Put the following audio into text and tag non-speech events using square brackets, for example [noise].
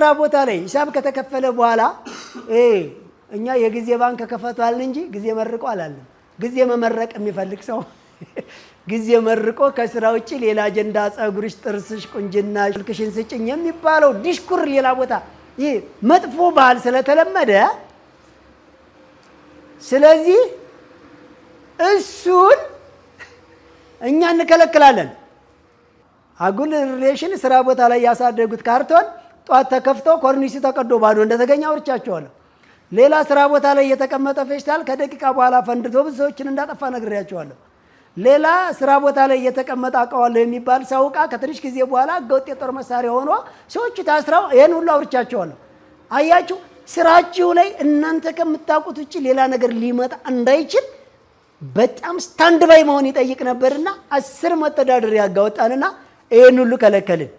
ስራ ቦታ ላይ ሂሳብ ከተከፈለ በኋላ እኛ የጊዜ ባንክ ከፈቷል እንጂ ጊዜ መርቆ አላለም። ጊዜ መመረቅ የሚፈልግ ሰው [laughs] ጊዜ መርቆ ከስራ ውጭ ሌላ አጀንዳ ጸጉርሽ፣ ጥርስሽ፣ ቁንጅና ልክሽን ስጭኝ የሚባለው ዲሽኩር ሌላ ቦታ ይህ መጥፎ ባህል ስለተለመደ ስለዚህ እሱን እኛ እንከለክላለን። አጉል ሪሌሽን ስራ ቦታ ላይ ያሳደጉት ካርቶን ጧት ተከፍተው ኮርኒሱ ተቀዶ ባዶ እንደተገኘ አውርቻቸዋለሁ። ሌላ ስራ ቦታ ላይ የተቀመጠ ፌስታል ከደቂቃ በኋላ ፈንድቶ ብዙ ሰዎችን እንዳጠፋ ነግሬያቸዋለሁ። ሌላ ስራ ቦታ ላይ የተቀመጠ አውቀዋለሁ የሚባል ሰው ከትንሽ ጊዜ በኋላ ህገወጥ የጦር መሳሪያ ሆኖ ሰዎቹ ታስረው ይህን ሁሉ አውርቻቸዋለሁ። አያችሁ፣ ስራችሁ ላይ እናንተ ከምታውቁት ውጭ ሌላ ነገር ሊመጣ እንዳይችል በጣም ስታንድ ባይ መሆን ይጠይቅ ነበርና አስር መተዳደሪያ ህግ አወጣንና ይህን ሁሉ ከለከልን።